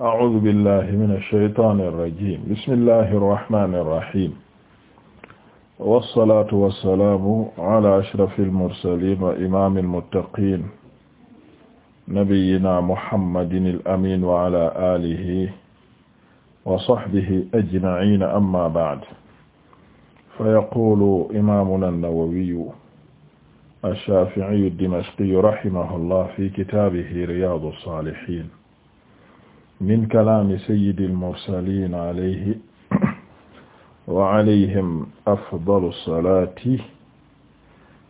أعوذ بالله من الشيطان الرجيم بسم الله الرحمن الرحيم والصلاة والسلام على أشرف المرسلين وإمام المتقين نبينا محمد الأمين وعلى آله وصحبه أجمعين أما بعد فيقول إمامنا النووي الشافعي الدمشقي رحمه الله في كتابه رياض الصالحين min kalaami sayyidil mursaliin alayhi wa alayhim afdalu salaati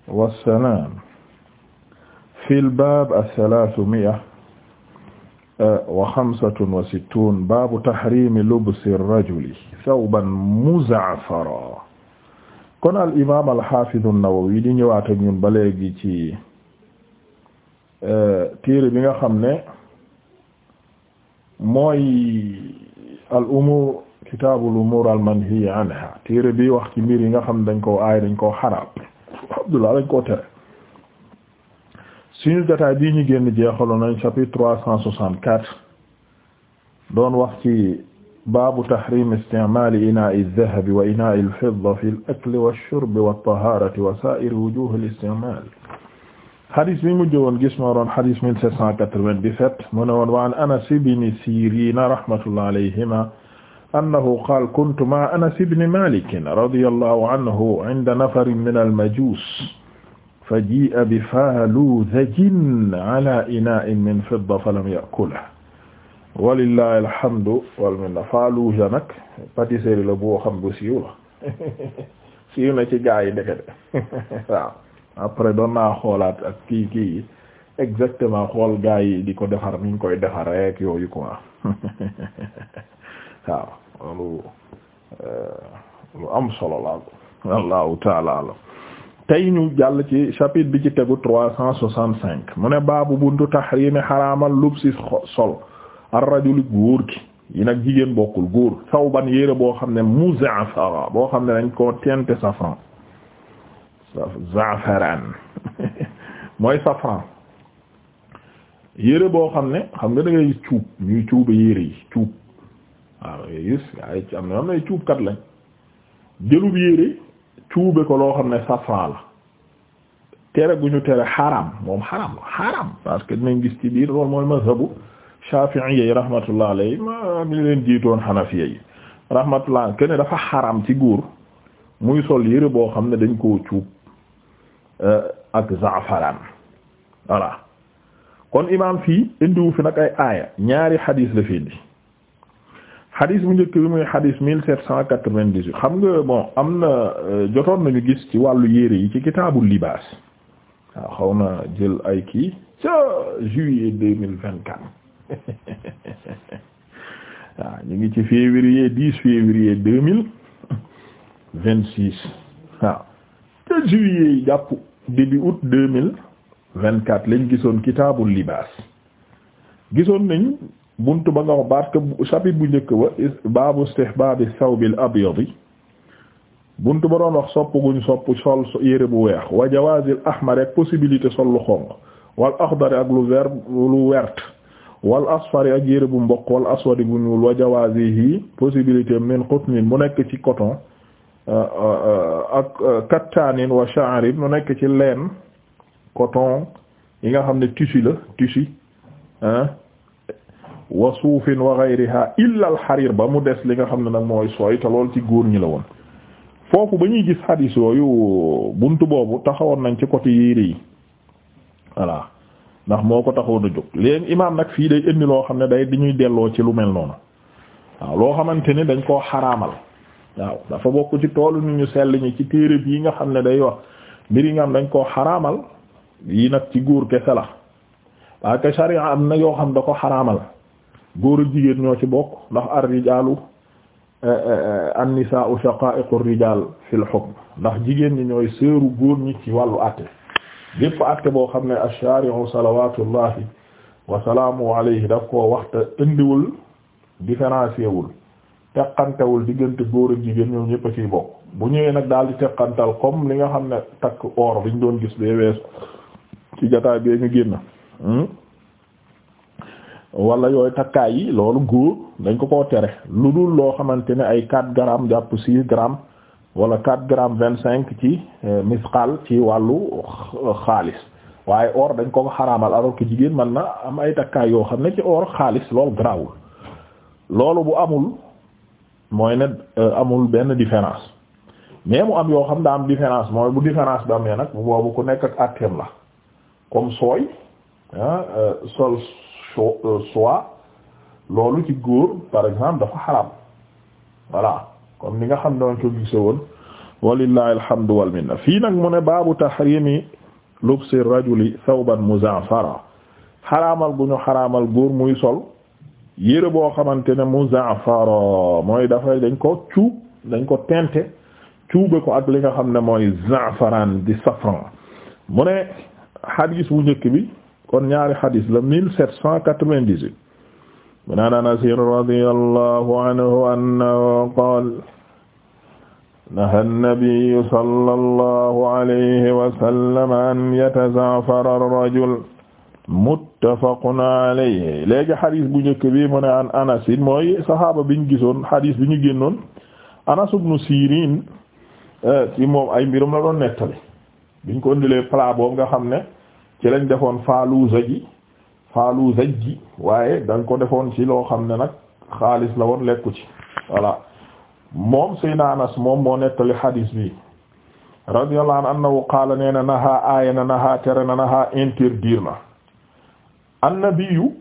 wa salaam fil baab ath-thalaathumi'a wa khamsatun wa sittuun baabu tahriimi lubsi rajuli thawban muza'faran kon al imaam al haafiz an-Nawawi di ñëwaat ak ñun ba léegi ci eh, téere bi nga xam ne. mooy al umur kitaabul umur al manhi anha téere bi wax ci mbir yi nga xam dañ koo aay dañ koo xaraab abdullah dañ koo tere suñu jotaay bii ñu génn jeexaloon nañ chapitre trois cent soixante quatre doon wax ci baabu tahrim isticmaali inaa'i dahabi wa inaa'i al fidda fi al akli wa shurbi wa tahaarati wa saa'iri wujuuhi al isticmaal xadis bi mujj woon gis moo doon xadis 1797 mu ne woon wa an Anas ibn Sirin rahmatullah alayhima annahu qaala kuntu ma'a Anas ibn Malik radiyallahu anhu 'inda nafarin min al-majus faji'a bi faaludhatin 'ala inaa'in min fidda falam ya'kulhu walillahi alhamdu wal minna faaluudha nag pâtisserie la boo xam bu siiw la siiw na ci gaa yi ndekete waaw après doon naa xoolaat ak kii kii exactement xool gaa yi di ko defar ni ñu koy defar rek yooyu quoi waaw loolu euh, lu am solo la wallahu taala alam tey ñu jàll ci chapitre bi ci tegu trois cent soixante cinq mu ne baabu buntu tahrimi xaraamal lubsi sol ar rajuli góor ki yi nag jigéen bokkul góor sawban yére boo xam ne muzaafara boo xam ne dañ ko teente safran za'faran mooy safran yére boo xam ne xam nga dangay ngay cuub ñuy cuuba yére yi cuub waaw da ngay am na am na cuubkat lañ jëlub yére cuube ko loo xam ne safran la tere gu ñu tere xaram moom xaram xaram parce que gis ci biir loolu mooy mazhabu shafi'i yi rahmatullah alayhi ma mi leen jiitoon xanafiya yi rahmatullah kenn dafa xaram ci góor muy sol yére boo xam ne dañ koo cuub Euh, ak zaafaran voilà kon imaam fii indiwu fi nag ay aaya ñaari xadiis la fi indi xadiis bu njëkk bi muy xadiis mille sept cent quatre-vingt-dix-huit xam nga bon am na euh, jotoon nañu gis ci wàllu yére yi ci kitaabul libaas waaw xaw na jël ay kii ca juillet deux mille vingt ñu ngi ci février dix février deux mille vingt-six waaw de juillet jàpp début août deux mille vingt quatre lañ gisoon kitaabul libaas gisoon nañ buntu ba nga wax baat que chapitre bu njëkk ba baabu istihbaabi sawbil abyadi buntu ba doon wax sopp guñ sopp sol yére bu weex wa jawaazil ak possibilité sol lu xonq wal axdari ak lu vert lu wert wal asfari ak yére bu mboq wal aswadi bu ñuul wa jawaazihi possibilité min qutnin bu nekk ci coton Euh, euh, ak euh, kattaanin wa sha'rin mu nekk ci leen coton yi nga xam ne tissu la tissu wa suufin wa ghayriha illa al xarir ba mu des li nga xam ne nag mooy sooy te lool ci góor ñi la woon foofu ba ñuy gis xadiis yooyu bunt boobu taxawoon nañ ci côté yére yi voilà ndax moo ko taxoon a jóg leen imaam nag fii day indi loo xam ne day di ñuy delloo ci lu mel noonu waaw loo xamante ni dañ koo xaraamal waaw dafa bokk ci toolu ñu ñu sell ñi ci téere yi nga xam ne day wax mbir yi nga xam dañ koo xaramal yi nag ci góor kese la parce que sharia am na yoo xam da ko xaraamal góor ak jigéen ñoo ci bokk ndax ar rijaalu eh, eh, eh, an-nisaa'u shaqaa'iqu rijaal fil hukm ndax jigéen ñi ñooy seeru góor ñi ci wàllu àtte bépp àtte boo xam ne ash-shaari'u salawaatullahi wa salaamuhu alayhi daf koo waxta indiwul différencié wul teqantewul diggante góor ak jigéen ñoom ñëpp a ciy bokk bu ñëwee nag daal di teqantal comme li nga xam ne takk or bi ñu doon gis bee wees ci jotaay bee ñu génn hmm? wala yooyu takkaay yi loolu góor dañ ko ko tere lu dul loo xamante ne ay 4 grammes jàpp 6 grammes wala 4 grammes 25 ci eh, misqal ci wàllu xaalis waaye or dañ ko xaraamal alors ki jigéen mën na am ay takkaay yoo xam ne ci or xaalis loolu garaawul loolu bu amul. mooy ne euh, amul benn différence mais mu am yoo xam daa am différence mooy bu différence bi amee nag boobu ku nekk ak àtteem la comme sooy ah euh, sol euh, soie loolu ci góor par exemple dafa xaraam voilà comme ni nga xam ne ko gise woon walillahi alhamdu wal minna fii nag mu ne baabu tahrimi lubsi rajuli thawban muzaafara xaraamal gu ñu xaraamal góor muy sol yére boo xamante ne mu za'fara mooy dafay dañ ko cuub dañ ko tente cuube ko ak li nga xam ne mooy za'faran di safran mu ne xadis bu njëkk bi kon ñaari xadis la mille sept cent quatre-vingt-dix-huit mu naan Anas radiyallahu anhu annahu qaala naha an-nabiyyu sallallahu alayhi wa sallam muttafaqun alayhi léegi xadis bu njëkk bi mu ne an Anas mooy saxaaba bi ñu gisoon xadis bi ñu génnoon Anas ibn Sirin eh, ci moom ay mbirum la doon nettali biñ ko indilee plat boobu nga xam ne ci lañ defoon faaluuza ji faaluuza ji waaye dañ ko defoon ci loo xam ne nag xaalis la woon lekku ci voilà moom Seydina Anas moom moo nettali xadis bi radiyallahu anhu annahu qaala nee na naha aaya na naha tere na naha interdire na annabiyu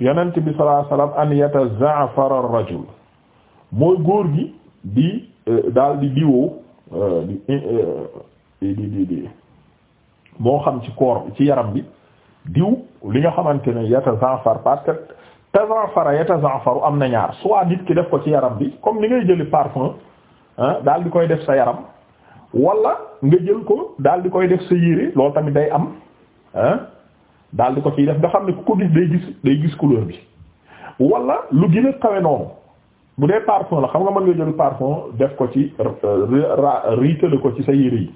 yonent bi sallallahu alayhi wasallam an yatazaafara ar-rajul mooy góor gi di euh, daal di diwoo euh, euh, di di di di moo xam ci koor ci yaram bi diw li nga xamante ne yatazaafar parce que tazaafara yatazaafaru am na ñaar soit nit ki def ko ci yaram bi comme ni ngay jëli parfum daal di koy def sa yaram wala nga jël ko daal di koy def sa yére loolu tamit day am daal di ko ciy def nga xam ne ku ko gis day gis day gis couleur bi wala lu gën a kawe noonu bu dee parfum la xam nga man nga jël parfum def ko ci riitale ko ci sa yére yi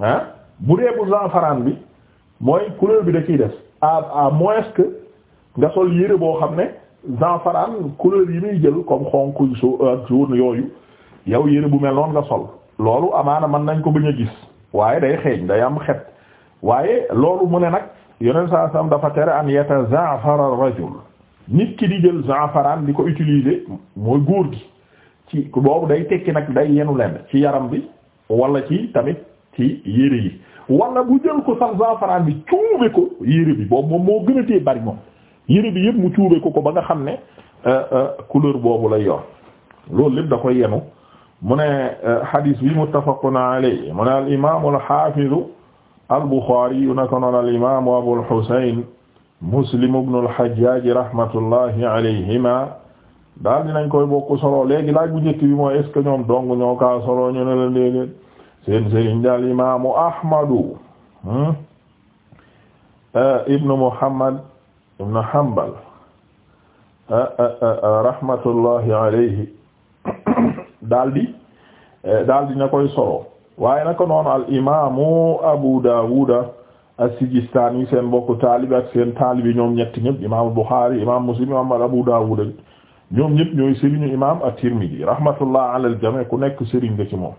ah bu dee bu zanfaraan bi mooy couleur bi da ciy def à à moins que nga sol yére boo xam ne zanfaraan couleur yi muy jël comme xonk su ak jaune yooyu yow yére bu mel noonu nga sol loolu amaana mën nañ ko bañ a gis waaye day xeeñ day am xet waaye loolu mu ne nag yeneen saa sam dafa tere an yatazaafara nit ki di jël zaafaraan bi ko utiliser mooy góor gi ci boobu day tekki nag day yenu leen ci yaram bi wala ci tamit ci yére yi wala bu jël ko sax zaafaraan bi cuube ko yére bi boobu moom moo gën a bari moom yére bi yëpp mu cuube ko ko ba nga xam ne euh, euh, couleur boobu lay yor loolu lépp da koy yenu mu ne euh, hadis bi muttafaqun alayhi mu ne al imaam al-Bukhari yu naka noonu al-imaamu Abul Husayn Muslim ibn al-Hajjaj rahmatullahi alayhima daal dinañ koy bokk solo léegi laaj bu njëkk bi mooy est ñoom dong ñoo kaa solo ñu ne la léegi seen sëriñ daal imaamu Ahmadu hmm? eh, ibn Muhammad ibn Hanbal eh, eh, rahmatullahi alayhi daal di koy solo. waaye naka noonu al imaamu Abu Daawuda as-Sijistaani seen bokku taalibi ak seen taalibi ñoom ñetti ñëpp imaamu Buxaari imaamu Muslim imaamu Abu Daawuda ñoom ñëpp ñooy sëriñu imaam at rahmatullah al-jamii ku nekk sëriñ nga ci moom.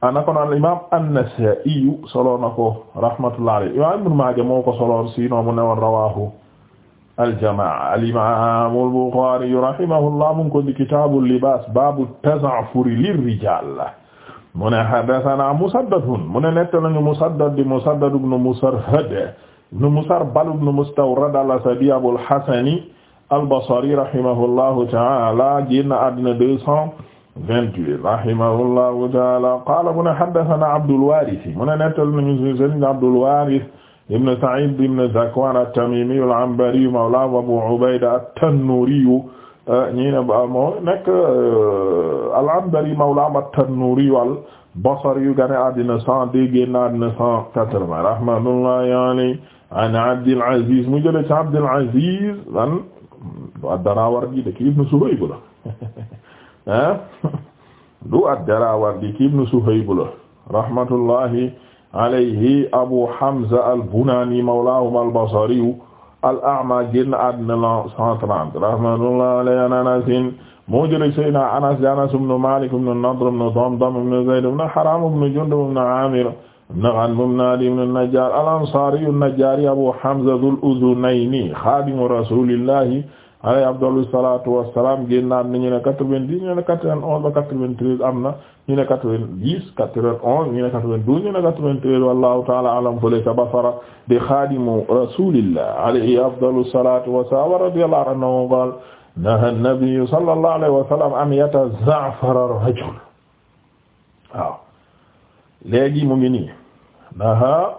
Ah, naka noonu al imaam an ko rahmatullah alayhi imaam Ibnu Maaja ko solo si noo mu ne woon rawaahu al-jamaa al imaam al-Buxaari rahimahullah mu ko di kitaabu libaas baabu tazaafuri lir-rijaal mu ne haddathana musaddadun mu ne nett nañu musaddad di musaddad ibn musarhad ibn musarbal ibn mustawrad al-asadi abul hasani al-basri rahimahullahu ta'ala génn àddina deux cent vingt-huit rahimahullahu ta'ala qaala mu ne haddathana abdul waaris mu ne nett nañu sëriñ abdul waaris ibn sa'id ibn zakwan at-tamimi al-anbari mawla abu ubayda at-tannuri ñii ne ba moo nekk euh, al-Anbari mawla at al-Basri yu gane àddina cent deux génn àddina cent quatre-vingts rahmatullahi alayhi mu jële ci Abdul Aziz man du ad-Darawardi ki ibn Suhayb la rahmatullahi Abu Hamza al-Bunani al-Basri al-A'ma génn àddina la 130 rahmatullahi alayhi an Anas moo jëlee Seydina Anas Anas ibn Malik ibn Nadr ibn Damdam ibn Zayd ibn Haram ibn Jundub ibn Amir ibn Ghanm ibn Adi ibn an-Najjar al-Ansari an-Najjari Abu Hamza dhul-Udhunayni khadimu rasulillahi alay abdal salatu wassalam génnaat ni ñu ne quatre-vingt-dix ñu ne quatre-vingt-onze ba quatre-vingt-treize am na ñu ne quatre-vingt-dix quatre-vingt-onze ñu ne quatre-vingt-douze ñu ne quatre-vingt-treize wallahu ta'ala a'lam fële ca Basra di xaadimu rasulillah alayhi afdalu salatu wassalam wa radiyallahu anhu qala naha an-nabiy sallallahu alayhi wa sallam an yataza'fara ar-rajul waaw léegi mu ngi nii naha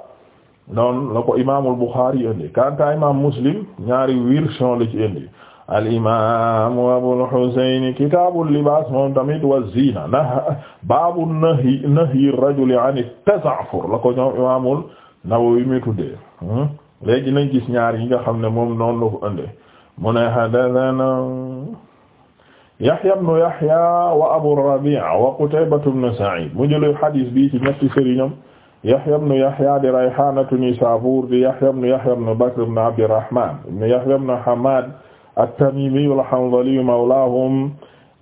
noonu la ko imaamul Bukhari indi kanta imam Muslim ñaari version la ci indi alimamu abulhusaini kitabulibas moom tamit wa zina na baabu nahi nahyi rajuli an tazaafur la ko ñoom imamul Nawawi mi tuddee hmm? léegi nañ gis ñaar yi nga xam ne moom noonu la ko ënde mu ne hadathana yahya ibnu yahya wa abu rabi'a wa qutaybatu ibnu sa'id mu jëlee hadis bi ci ñetti sëriñam yahya ibnu yahya di rayhanatu nisabur di yahya ibnu yahya ibnu bakr ibnu abdirrahman ibnu yahya ibnu hamad at-Tamimi al-Hanzali mawlaahum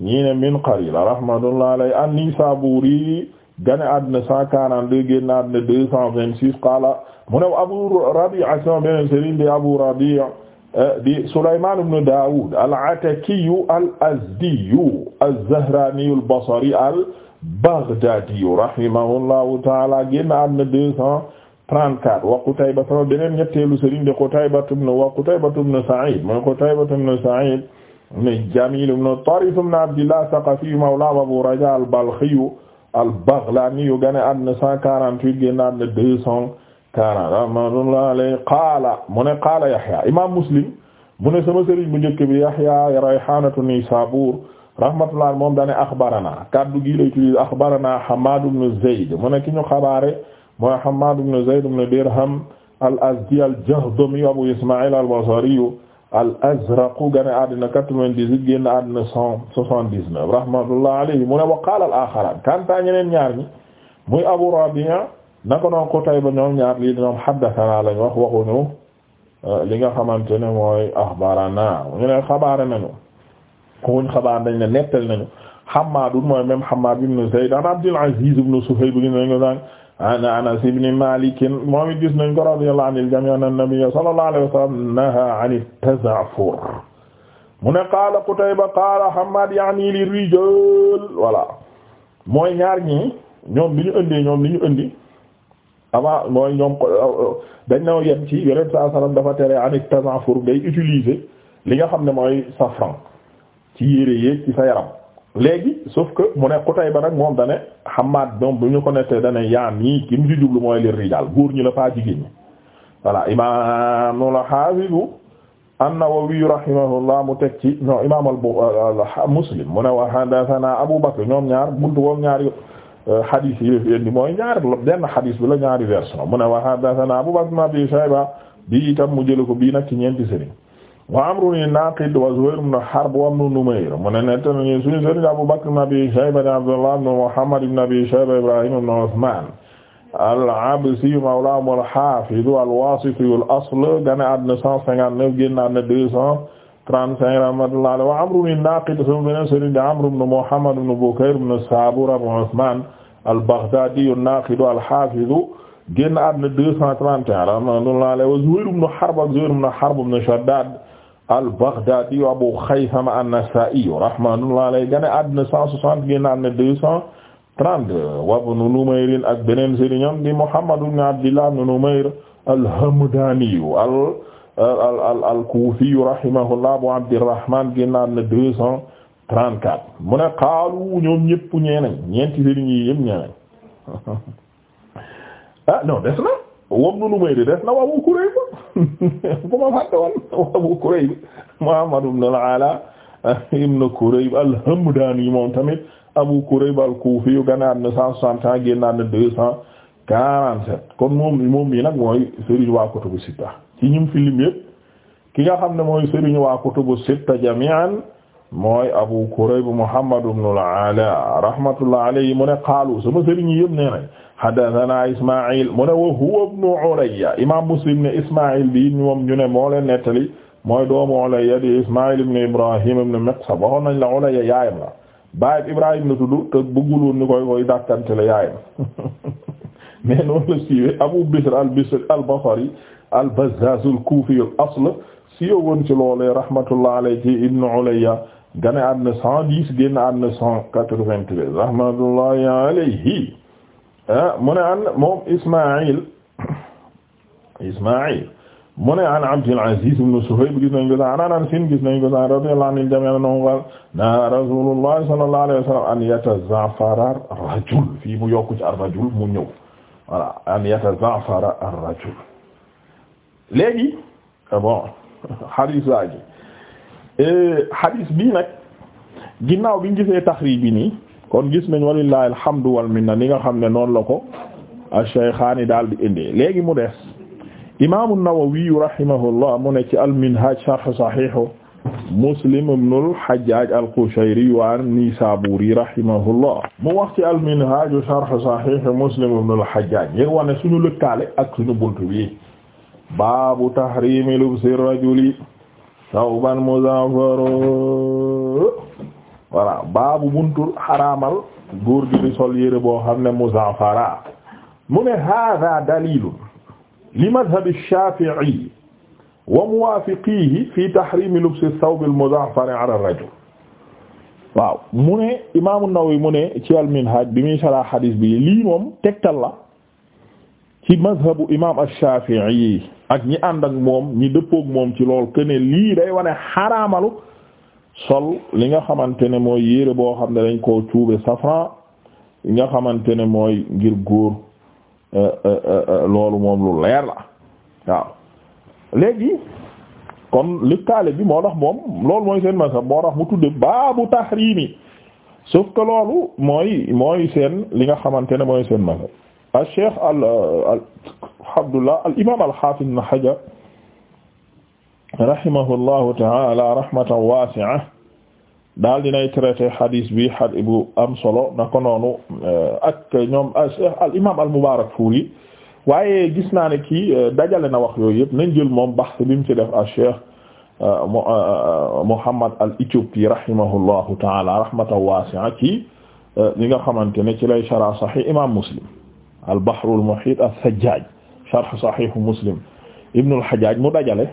ñi ne min Qaril rahmatullahi alayhi an-Nisaburi gane àdduna 142 génn àdduna 226 qaala mu ne Abu Rabi'a sama beneen sëriñ di Abu Rabi'a di Sulaymaan ibn Daawud al-Ataki al-Azdi az-Zahrani al-Basri al-Baghdadi rahimahullahu ta'ala génn àdduna 200 34 wa Qutayba sama beneen ñetteelu sëriñ de Qutayba ibn wa Qutayba ibn Sa'id mooy Qutayba ibn Sa'id ibn Jamil ibn Tarif ibn Abdillah Saqafi mawla Abu Raja al-Balkhi al-Baghlani yu gane àddina 148 génn àddina 240 rahmatullahi alayhi qaala mu ne qaala Yahya imaam Muslim mu ne sama sëriñ bu njëkk bi Yahya Rayhanatu Nisabur rahmatullahi moom dane axbarana kaddu gi lay tudd axbarana Hammad ibn mu ne ki ñu xabaare mooy Hammaad ibn Zayd ibn Dirham al-Azdi al-Jahdami Abu Ismaa'il al-Basri al-Azraq gane àddina 98 génn àddina 179 rahmatullahi alayhi mu ne wa qaala al-aaxaraan kanta ñeneen ñaar ñi muy Abu Rabi'a naka noonu Qutayba ñoom ñaar lii ñoom haddathanaa lañ wax waxuñu euh, li nga xamante ne mooy axbaranaa ñu ne xabaare nañu wuñ xabaar nañ ne nettal nañu Hammaad mooy même Hammaad ibn Zayd an Abdul Aziz an Anas ibn Malik moom it gis nañ ko radiyallahu anil jami' anna nabiyya sallallahu alayhi wa sallam naha an at-taza'fur mu ne qaala Qutayba qaala Hammad yaani li rijal voilà mooy ñaar ñi ñoom li ñu indi ñoom li ñu indi avant mooy ñoom dañ naw yem ci yonent saa sallam dafa tere an at-taza'fur ngay utiliser li nga xam ne mooy safran ci yére yéeg ci sa yaram léegi sauf que mu ne ba rek moom dane Hammaad moom bu ñu ko nettee dane yaan yi ki mu ci jublu mooy lir rijaal góor ñi la faa jigéen ñi voilà imaamul xaafidu an-Nawawi rahimahullah mu teg ci ñoom imaam al euh, Muslim mu ne wa haddasanaa Abu Bakr ñoom ñaar buntu woom ñaari euh, xadiis yi fi indi mooy ñaar benn xadiis bi la ñaari version mu ne wa haddasanaa Abu Bakr ibn Abi Shayba bi itam mu jële ko bii nag ci ñeenti sëriñ wa amrun naqid wa Zuhayr ibn Harb wa ibn Numayr mu ne netta nañu suñu sëriñ Abu Bakr ibn Abi Shayba Abdullah ibn Muhammad ibn Abi Shayba Ibrahim ibn Uthman al-Absi mawlahum al-Hafiz al-Wasiti al-asl gane àdduna cent cinquante-neuf génn àdduna deux cent trente-cinq rahmatullah alayhi wa amrun naqid suñu beneen sëriñ di Amr ibn Muhammad ibn Bukayr ibn Sabur Abu Uthman al-Baghdadi an-Naqid al-Hafiz génn àdduna deux cent trente et un rahmatullah alayhi wa Zuhayr ibn Harb Zuhayr ibn Harb ibn Shaddad al-Baghdadi Abu Khaythama an-Nasa'i rahmatullahi alayhi gane àddina 160 génn àddina 232 wa Ibn Numayr di Muhammad ibn Abdillah ibn Numayr al-Hamdani al al al al-Kufi Abu Abdirrahman génn àddina 234 mu ne ñoom ñëpp ñeenañ ñeenti sëriñ yi yëpp ñeenañ ah, wom nu Numayr def na Abu Kurayb bu ma fàtte woon Abu Kurayb Muhammad ibn al-Ala ibn Kurayb al-Hamdani moom tamit Abu Kurayb al-Kufi yu gane àddina cent soixante ans génn àddina deux cent quarante-sept kon moom moom mii nag mooy sëriñ waa kutubu sitta ci ñim fi yépp ki nga xam ne mooy sëriñ waa kutubu sitta jami'an mooy Abu Kurayb Muhammad ibn al-Ala rahmatullah alayhi mu ne qaalu sama sëriñ yëpp nee nañ Isma'il mu ne wa huwa ibn Ulayya Muslim ne Isma'il bi moo leen mooy doomu Ulayya di Isma'il ibn Ibrahim ibn Miqsam waxoon nañ la Ulayya yaayam la baay Ibrahim la tudd te bëggul woon ni koy koy dàkkante la yaayam mais noonu la siiwee Abu Bisr al-Bisri al-Basri al-Bazzaz al-Kufi al-asl siiwoon ci loolee rahmatullah alayhi ibn Ulayya gane àdduna cent dix génn àdduna cent quatre-vingt-treize rahmatullahi alayhi ah, mu ne an moom Ismaïl Ismaïl mu ne an Abdul Aziz ibn Suhayb gis nañ ko sa an Anas gis nañ ko sa radiyallahu anil jami' annahu qala naha Rasulullah sallallahu alayhi wa sallam an yataza'fara ar-rajul fii mu yokku ci ar-rajul mu ñëw voilà an yataza'fara ar-rajul léegi bon hadith waaji Eh, hadis bii nag ginnaaw bi ñu gisee taxriij bi nii kon gis nañ walillahi alhamdu wal minna ni nga xam ne noonu la ko ash-shaykhaani daal di indee léegi mu des imaamu Nawawi rahimahullah mu ne ci al-Minhaaj sharh Sahih Muslim ibn al-Hajjaj al-Qushayri wa an-Nisaburi rahimahullah mu wax ci al-Minhaaj sharh Sahih Muslim ibn al-Hajjaj ngir wane suñu lëkkaale ak suñu bunt bi baabu tahriimi lubsi rajuli sawban muzaafaru voilà baabu buntul xaraamal góor gi di sol yére boo xam ne muzaafara mu ne haaza daliilun li madhabi shaafi'i wa muwaafiqiihi fi tahriimi lubsi sawbil muzaafari ala rajul waaw mu ne imaamu Nawawi mu ne ci al minhaaj bi muy sara xadiis bi lii moom tegtal la. ci mazhabu imam ash-Shafi'i ak ñi ànd ak moom ñi dëppook moom ci loolu kënee ne lii day wane xaraamalu sol li nga xamante ne mooy yére boo xam ne dañ ko cuube safran li nga xamante ne mooy ngir góor euh, euh, euh, loolu moom lu leer la waaw léegi kon lëkkaale bi moo tax moom loolu mooy seen mazhab moo tax mu tudde baabu tahrimi sauf que loolu mooy mooy seen li nga xamante ne mooy seen mazhab Ah, Cheikh al euh, al Abdullah al imaam al haafiz ibn Hajar rahimahullahu ta'ala rahmatan waasi'a daal dinay traité hadis bi hadis bu am solo na ko euh, ak ñoom euh, Cheikh al imaam al Mubaarakfuuri waaye gis naa ne kii dajale na wax yooyu yëpp nañ jël moom baxs bi mu ci def ah, al Cheikh Muhammad al Éthiopie rahimahullahu ta'ala rahmatan waasi'a ci li nga xamante ne ci lay sharh Sahih imaam Muslim al-Bahr al-Muhit as-Sajjaj sharh Sahih Muslim Ibn al-Hajjaj mu dajale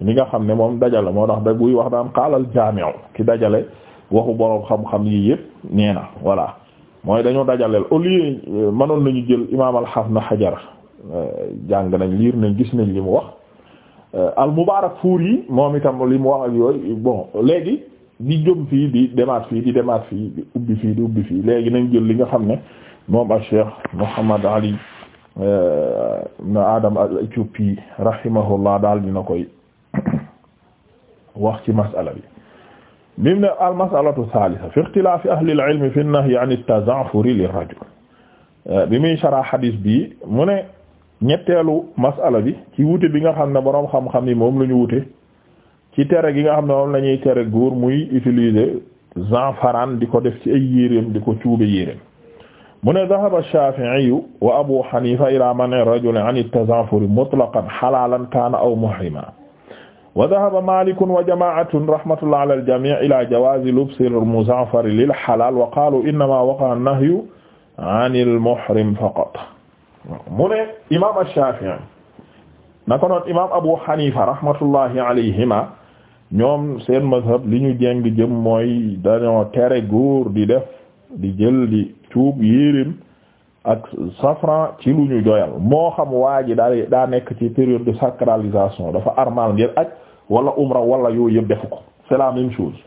li nga xam ne moom dajale moo tax da buy wax daan qaala al-Jami' ki dajale waxu boroom xam-xam yi yëpp nee na voilà mooy dañoo dajaleel au lieu mënoon nañu jël imaam al-Hafiz Ibn Hajar euh, jàng nañ liir nañ gis nañ li mu wax euh, al-Mubarakfuri moom itam li mu wax ak yooyu bon léegi di jëm fii di demaat fii di demaat fii di ubbi fii di ubbi fii léegi nañ jël li nga xam ne moom a Cheikh Mouhamad Ali eh, ibn Adam al-Éthiopie rahimahullah daal dina koy wax ci masala bi mim ne al masalatu thalitha fi ixtilaafi ahli al-ilm fi an-nahyi an at-taza'fur lir-rajul eh, bi muy shara hadis bi mu ne ñetteelu masala bi ci wute bi nga xam ne boroom xam-xam yi moom la ñu wute ci tere gi nga xam ne moom lañuy ñuy tere góor muy utiliser zanfaran di ko def ci ay yéreem di ko cuube yéreem mu ne dahaba Shaafi'iyu wa Abu Hanifa ilaa man'i rajuli 'an at-taza'furi mutlaqan halaalan kaana aw muhriman wa dahaba Maalikun wa jamaa'atun rahmatullahi 'alaa al-jamii' ilaa jawaazi lubsi al-muza'fari lil-halaal wa qaaluu innamaa waqa'a an-nahyu 'ani al-muhrim faqat mu ne imaam Shaafi'i naka noonu imaam Abu Hanifa rahmatullahi alayhima ñoom seen mazhab li ñu jéng jëm mooy dañoo tere góor di def di jël di cuub yéeréem ak safran ci lu ñu doyal moo xam waa ji daa daa nekk ci période de sacralisation dafa armal ngir aj wala umra wala yooyu yëpp defu ko c'est la même chose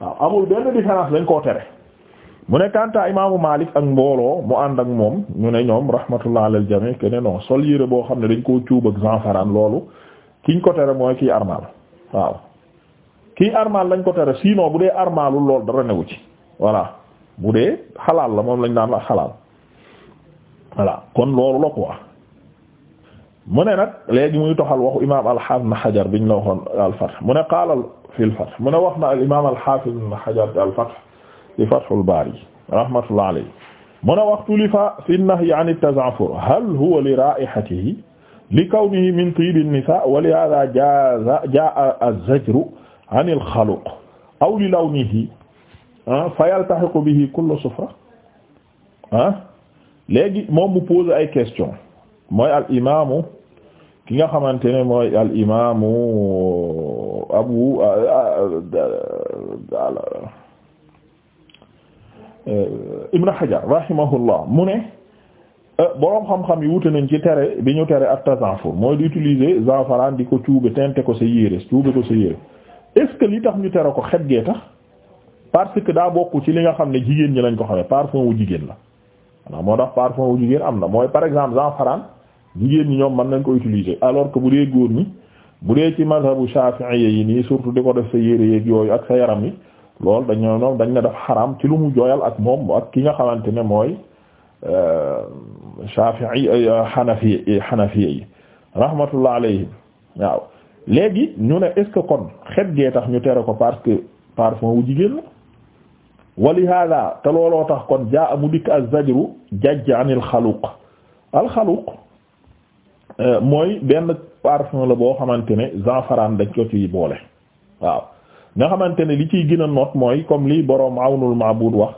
waaw amul benn différence dañ koo tere mu ne kanta imaamu Malik ak mbooloo mu ànd ak moom ñu ne ñoom rahmatullah alal jami que ne sol yére boo xam ne dañ koo cuub ak zanfaran loolu kiñ ko tere mooy kii armal waaw kii armal lañ ko tere sinon bu dee armalul loolu dara newu ci voilà bu dee xalaal la moom lañ naan la xalaal voilà kon loolu la quoi mu ne nag léegi muy toxal waxu imaam al-Hafiz na Hajar biñ la waxoon al-Fath mu ne qaala fil Fath mu ne wax na al-imaam al-Hafiz na Hajar al-Fath fi Fathul Baari rahmatullahi alayhi mu ne waxtu li fa fi nahyi an at-taza'fur hal huwa li raa'ihatihi li kawnihi min tiib an-nisaa wa li haadha jaaza jaa'a az-zajru an al-xaluq aw li lawnihi ah fa yaltahiqu bi kullu sufra ah, léegi moom mu pose ay question mooy al imaamu ki nga xamante ne mooy al imaamu abu ah, ah, eh, ibn hajar rahimahullah mu ne eh, boroom xam-xam yi wute nañ ci tere bi ñu tere ak tazanfur mooy di utiliser zanfaran di ko cuube tente ko sa cuube ko sa yére est-ce que li tax ñu tere ko xet gee tax parce que daa bokk ci li nga xam ne jigéen ñi lañ ko xamee parfum wu jigéen la voilà moo tax parfum wu jigéen am na mooy par exemple za'faran jigéen ñi ñoom mën nañ ko utiliser alors que bu dee góor ñi bu dee ci mazhabu shafi'iyya yi nii surtout di ko def sa yére yeeg yooyu ak sa yaram yi loolu dañoo ñoom dañ ne daf xaram ci lu mu joyal ak moom ak ki nga xamante ne mooy euh, shafi'i euh, hanafi hanafiya yi rahmatullah alayhim waaw léegi ñu ne est-ce que kon xet gee tax ñu tere ko parce que parfum wu jigéen la walihaada te looloo tax kon jaa mu dikk az-zajru jajj anil xaluq alxaluq eh, mooy benn parfum la boo xamante ne zanfaraan dañ ko ci boole waaw nga xamante ne li ciy gën a noot mooy comme lii boroom awnul ma'bud wax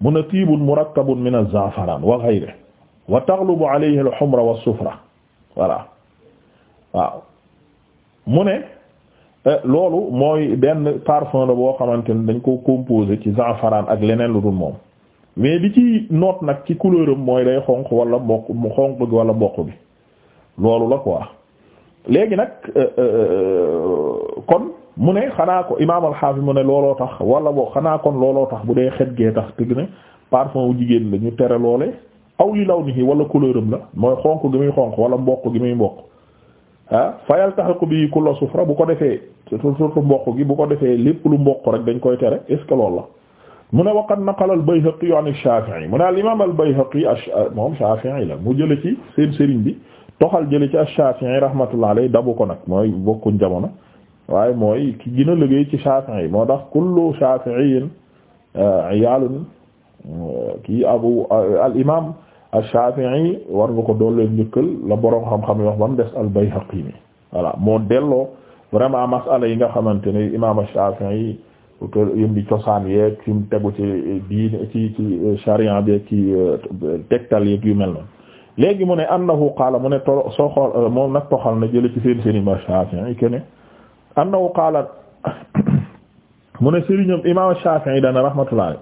mun a tiibun murakkabun min az-zanfaraan wa ghayrihi wa taghlubu alayhi al-humra was-sufra voilà waaw mu ne Euh, loolu mooy benn parfum la boo xamante ne dañ ko composé ci zaafaraan ak leneen lu dul moom mais bi ci noot nag ci couleur am mooy day xonq wala mboq mu xonq bi wala mboq bi loolu la quoi léegi nag euh, euh, kon mu ne xanaa ko imaam al-Hafiz mu ne looloo tax wala boo xanaa looloo tax bu dee xet gee tax tëgg ne parfum wu jigéen la ñu tere loole aw li law ni wala couleur am la mooy xonq gi muy xonq wala mboq gi muy mboq ah fa yaltahiqu bi kullu sufra bu ko defee surtout surtout mboq gi bu ko defee lépp lu mboq rek dañ koy tere est ce la mu ne waqad naqala al-Bayhaqi an ash-Shafi'i mu ne al-imam al-Bayhaqi moom Shafi'i la mu jële ci seen sëriñ bi toxal jële ci ash-Shafi'i rahmatullah alayhi dabu ko nag mooy bokkuñ jamono waaye mooy ki gën a ci Shafi'i moo tax kullu Shafi'iyyin ah, iyaalun ah, kii abu ah, al-imam Ash-Shafi'i war nga ko dooleel njëkkal la borom xam-xam yi wax ba mu des al-Bayhaqi mi voilà moo delloo vraiment masala yi nga xamante ne imaam yi shafii yëm di cosaan mu tegu ci diine ci ci charia euh, bi ci euh, tegtal yeeg yu mel noonu léegi mu ne annahu qaala mu ne soo soxal euh, moom nag toxal na jële ci seen seen imaam Ash-Shafi'i kene annahu qaala mu ne sëriñam imaam Ash-Shafi'i dana rahmatullah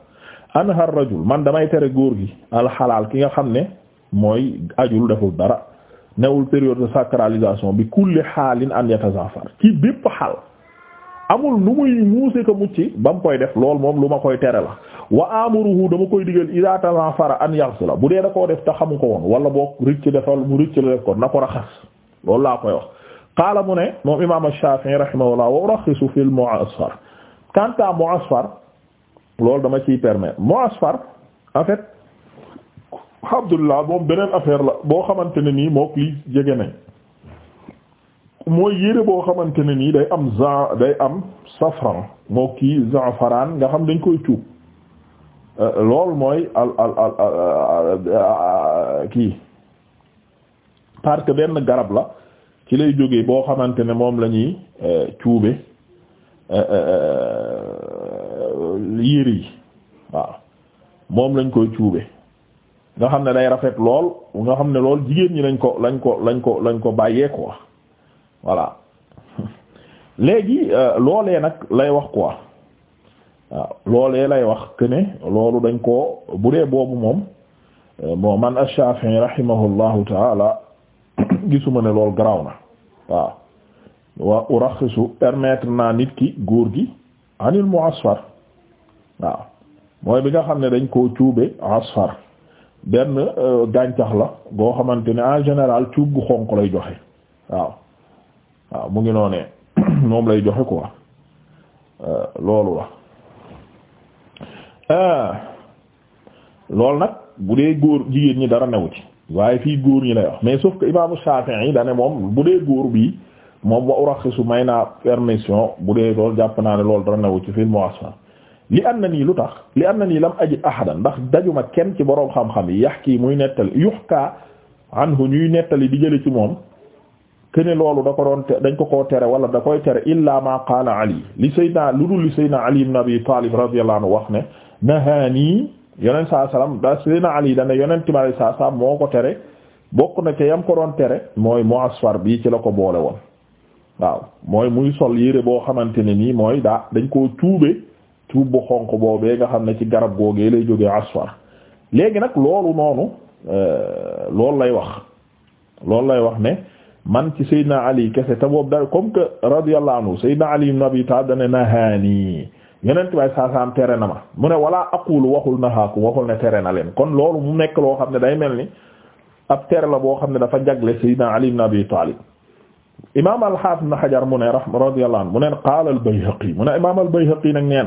anha rajul man damay tere góor gi alxalaal ki nga xam ne mooy ajul deful dara newul période de sacralisation bi kulli xaalin an yatazafar ci bépp xaal amul nu muy muuse ko mucci ba mu koy def lool moom lu ma koy tere la wa amuruhu dama koy digal ida tazafara an yaxsula bu dee da koo def te xamu ko woon wala boog rëcc defal mu rëcc la def ko na ko raxas loolu laa koy wax qaala mu ne moom imam Shafi'i rahimahullah wa uraxisu fil mu'asfar kanta mu'asfar loolu dama ciy permettre moo asfar en fait Abdullah moom beneen affaire la boo xamante ne nii mook lii jege nañ mooy yére boo xamante ne nii day am za day am safran moo kii zafaraan nga xam dañ koy cuub euh, lool mooy al al al euh, kii parce benn garab la ci lay jógee boo xamante ne moom la ñuy euh, cuube Euh, yére yi waaw moom lañ koy cuube nga xam ne day rafet lool nga xam ne lool jigéen ñi lañ ko lañ ko lañ ko lañ ko bàyyee voilà léegi euh, loolee nag lay wax ko waaw loolee lay wax que ne loolu dañ ko bu dee boobu moom moo euh, man ash-Shafi'i rahimahullahu taala gisuma ne loolu garaaw na waaw wa uraxisu permettre naa nit ki góor gi anil mu'asfar waaw mooy bi nga xam ne dañ koo cuube asfar benn euh, gàncax la boo xamante ne en général cuub bu xonq lay joxe waaw waaw mu ngi noonee moom lay joxe quoi euh, loolu la euh, loolu nag bu dee góor jigéen ñi dara newu ci waaye fii góor ñi lay wax mais sauf que imaamu yi dane moom bu dee góor bi moom wa uraxisu may naa permission bu dee loolu jàpp naa ne loolu dara newu ci film asfar li am na nii lu tax li am na nii lam ajid ahadan ndax dajuma kenn ci boroom xam-xam yi yax kii muy nettali yuxkaa anhu ñuy nettali di jële ci moom kene loolu da ko doon dañ ko koo tere wala da koy tere illa ma qaala ali li saydna lu dul li saydna ali na abi talib radiyallahu anhu wax ne nahaanii yonent saa sallam da saydna ali dane yonent mi alay saa salaam moo ko tere bokk na ca yam ko doon tere mooy mu asfar bii ci la ko boole woon waaw mooy muy sol yére boo xamante ne nii mooy daa dañ koo cuube tuub bu xonq boobee nga xam ne ci garab googee lay jógee asfar léegi nag loolu noonu euh, loolu lay wax loolu lay wax ne man ci Seydina Ali kese te boobu da comme que radiyallahu anhu Seydina Ali ibn Abi Talib dane nahaani yenent bay saasaam tere na ma mu ne wala aqulu waxul nahaaku waxul ne tere na leen kon loolu mu nekk loo xam ne day mel ni ab tere la boo xam ne dafa jagle Seydina Ali ibn Abi Talib imam al-Hafiz ibn Hajar mu ne radiyallahu ne qaala al-Bayhaqi mu ne imam al-Bayhaqi nag nee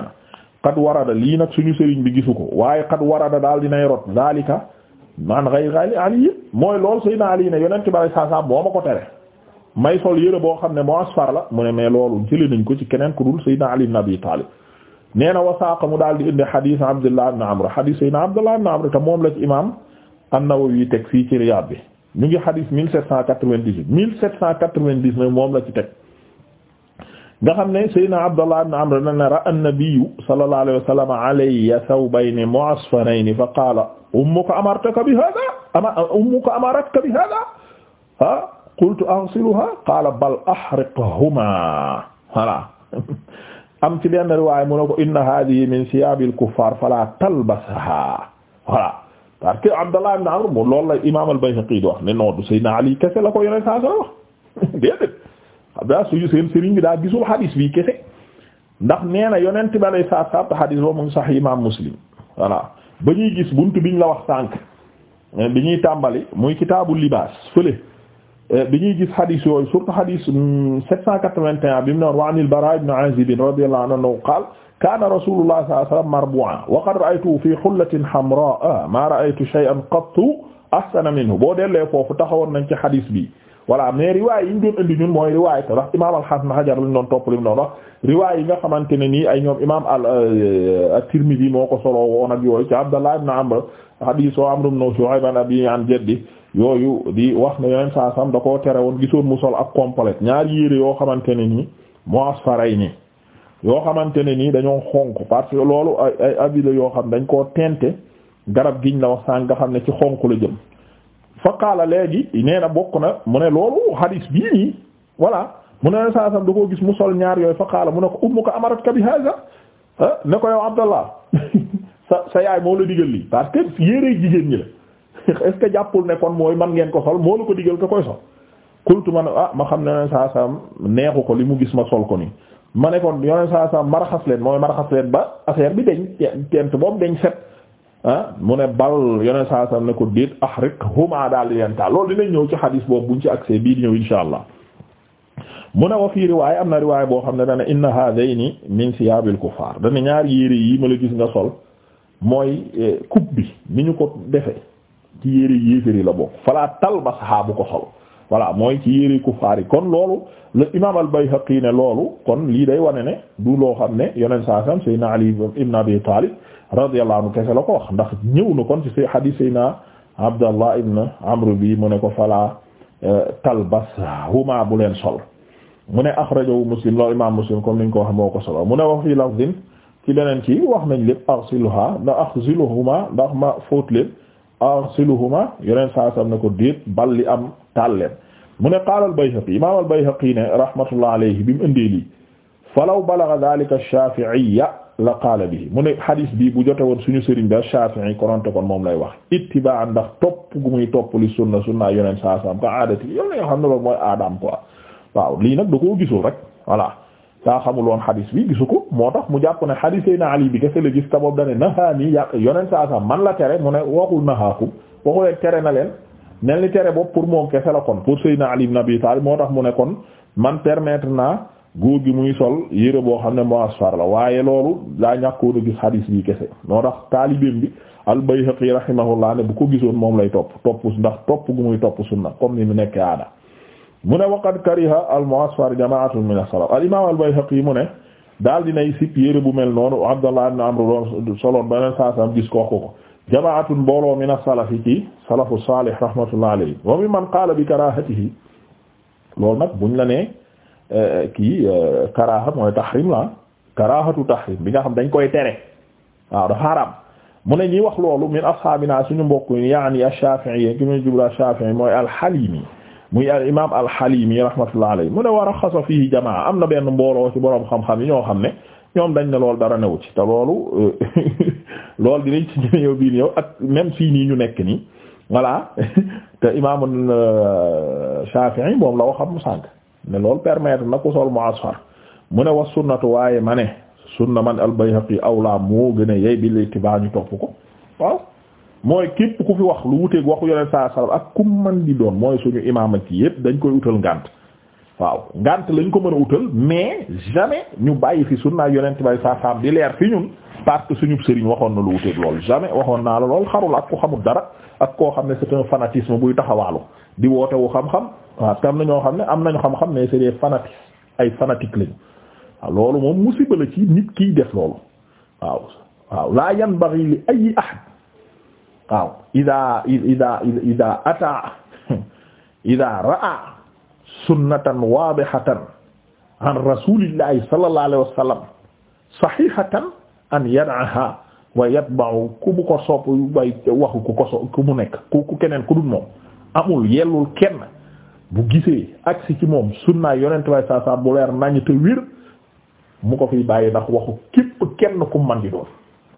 qad warada lii nag suñu sëriñ bi gisu ko waaye qad warada daal dinay rot zalika man ghayri ali mooy lool Seydina Ali ne yonent bi saa saa moo tere may sol yére boo xam ne moo asfar la mu ne mais loolu jëlee nañ ko ci keneen ku dul Seydina Ali ibn Abi Talib nee na mu daal di indi hadith Abdullah ibn Amr hadith Seydina Abdullah ibn Amr te moom la ci imam An-Nawawi teg fii ci Riyad bi ñu ngi hadith 1798 1799 moom la teg. nga xam ne Seydina Abdallah ibn Amr ne ra'a an-nabiyyu sallallahu alayhi wa sallam alayya thawbayni mu'asfarayni fa qaala ummuka amartaka bi haadha ama ummuka amaratka bi haadha ah qultu aghsilha qaala bal ahriqhuma voilà am ci benn riwaaya mu ne ko inna haadhihi min siyaabil kuffaar fala talbasha voilà parce que Abdallah ibn Amr loolu la imaam al-Bayhaqi di wax ne noodu Seydina Ali kese la ko yore saa sa wax déedéet daa suñu seen sëriñ bi daa gisul xadiis bi kese ndax nee na yonent bi alayhi salaatu salaam te xadiis boobu mu sax imaam muslim voilà ba ñuy gis buntu biñ la wax sànq eh, bi ñuy tàmbali muy kitaabu libaas fële eh, bi ñuy gis xadiis yooyu surtout xadiis 781 hmm, bi mu ne wa anil Baraa ibn Aazib radiyallahu anhu qaala kaana rasuulullah sallallahu alayhi wa sallam marbu'an wa qad ra'aytuhu fi hullatin hamraa maa ra'aytu shay'an qattu ahsana minhu boo dellee foofu taxawoon nañ ci xadiis bi voilà mais riwaay yi doon indi ñun mooy riwaay te ndax imaam al-Hasan Hajar doon topp lim doon wax riwaay yi nga xamante ne nii ay ñoom imaam euh, at yi moo ko solo woon ak yooyu ci Abdallah ibn Amr hadiis Amr ibn Shu'ayb an abiihi yooyu di wax ne yeneen saa sam da koo tere woon gisoon mu sol ak complet ñaari yére yoo xamante ne nii moo asfaray nii yoo xamante ne nii dañoo xonk parce que loolu ay ay habits yoo xam dañ koo teente garab giñ la wax sànq nga xam ne ci xonk la jëm. fa qaala léegi nee na bokk na mu ne loolu hadis bii nii voilà mu ne saa sam da koo gis mu sol ñaar yooyu fa xaala mu ne ko ummuka amaratka bi hadha ne ko yow Abdallah sa sa yaay moo la digal lii parce que yére jigéen ñi la est-ce que jàppul ne kon mooy man ngeen ko sol moo la ko digal te koy sol kultu ma ne ah ma xam ne yoneen saa saam neexu ko li mu gis ma sol ko nii ma ne kon yoneen saa saam maraxas leen mooy maraxas leen ba affaire bi dañ tent boobu dañ set ah mu ne bal yoneen saa sallam ne ko déet ahriq huma daal di taal loolu dinañ ñëw ci xadis boobu buñ ci accès bii di ñëw insha allah mu ne wa fii riwaaya am na riwaaya boo xam ne dana inna hadayni min siyaabil kufaar dana ñaari yére yi ma la gis nga sol mooy eh, coupe bi ni ñu ko defe ci yére yéeféri la bokk fala talbasaha bu ko sol voilà mooy ci yére kufaar yi kon loolu le imam al-Bayhaqi ne loolu kon lii day wane ne du loo xam ne yonen saa sallam sayyidina radiyallahu anhu kese la ko wax ndax ñëw na kon ci say hadith sayna Abdallah ibn Amr bi mu ne ko fala eh, talbas huma bu leen sol mu ne akhrajahu Muslim loolu imam Muslim comme niñ ko wax moo ko solo mu ne wax fi lafdin ci leneen ci wax nañ lépp arsiluha na akhziluhuma ndax ma fóot leen arsiluhuma yeneen saa sam ne ko déet bal li am taal leen mu ne qaala al-Bayhaqi imam al-Bayhaqi ne rahmatullah alayhi bi mu ëndee lii falaw balagha dhalika ash-Shafi'iyya la qaala bi mu ne hadis bi bu jote woon suñu sëriñ bi Shafi'i koronte kon moom lay wax ittibaan ndax topp gu muy topp li sunna sunna yoneen saa saam ko aadati yow xam ne loolu mooy aadaam quoi waaw lii nag da koo gisul rek voilà daa xamul woon hadis bi gisu ko moo tax mu jàpp ne hadis yi bi kese la gis te boobu dane nahaa nii yà yoneen saa saam man la tere mu ne waxul nahaakum waxuleen tere na leen mel ni tere boobu pour moom kese la kon pour Seydina Ali ibn Abi Talib moo tax mu ne kon man permettre naa góor gi muy sol yére boo xam ne mu asfar la waaye loolu daa ñàkkoon a gis xadiis bi kese noo tax taalibeem bi al-Bayhaqi rahimahullah ne bu ko gisoon moom lay topp topp ndax topp gu muy topp sunna kom ni mu nekk aada mu ne waqad kariha al-mu'asfar jamaatun min as-salaf al-imam al mu ne daal dinay sip yére bu mel noonu Abdallah ibn Amr doon soloon beneen saasam gis ko ko jamaatun mbooloo min as-salaf ci salafu salih rahmatullah alayhi wa bi karahatihi loolu nag la Euh, kii euh, karaaha mooy tahrim la karaahatu tahrim bi nga xam dañ koy tere waaw dafa haram mu ne ñi wax loolu min ashaabina suñu mbokk yaani ash-Shafi'i ki muy jublu ash-Shafi'i mooy al-Halimi muy al imaam al-Halimi rahmatullahi alayhi mu ne wa raxasa fihi jamaa am na benn mbooloo ci boroom xam-xam yi ñoo xam ne ñoom dañ ne loolu dara newu ci te loolu euh, loolu dinañ ci ñëw bii ñëw ak même fii nii ñu nekk nii voilà te imaam Shafi'i moom la waxam sànq. ne loolu permettre na ku sol mu asfar mu ne was sunnatu waaye ma ne sunna man al yi awlaa moo gën a yey bil ittibaa ñu topp ko waaw mooy képp ku fi wax lu wuteeg waxu yoneen saa sallam ak kum man di doon mooy suñu imaam ak yépp dañ koy utal ngànt waaw ngant lañ ko mën a wutal mais jamais ñu bàyyi fi sunna yonent bay saa saam di leer fi ñun parce que suñu sëriñ waxoon na lu wuteeg lool jamais waxoon naa la lool xarul ak ku xamul dara ak koo xam ne c'est un fanatisme buy taxawaalu di woote wu xam-xam waa tam na ñoo xam ne am nañu xam-xam mais c'est des fanatiques ay fanatiques lañu waaw loolu moom musiba la ci nit kiy def loolu waaw waaw laa yanbaghi li ay ahad waaw ida ida ida ata ida raa sunnatan wadihatan an rasulillahi sallallahu alayhi wa sallam sahihatan an yad'aha wa yatba'u ku mu ko sopp way waxu ku ko so ku mu nekk ku ku keneen ku dul moom amul yellul kenn bu gisee agsi ci moom sunnaay yonent way saa saa bu leer te wir mu ko fiy bàyyi ndax waxu képp kenn ku man di doon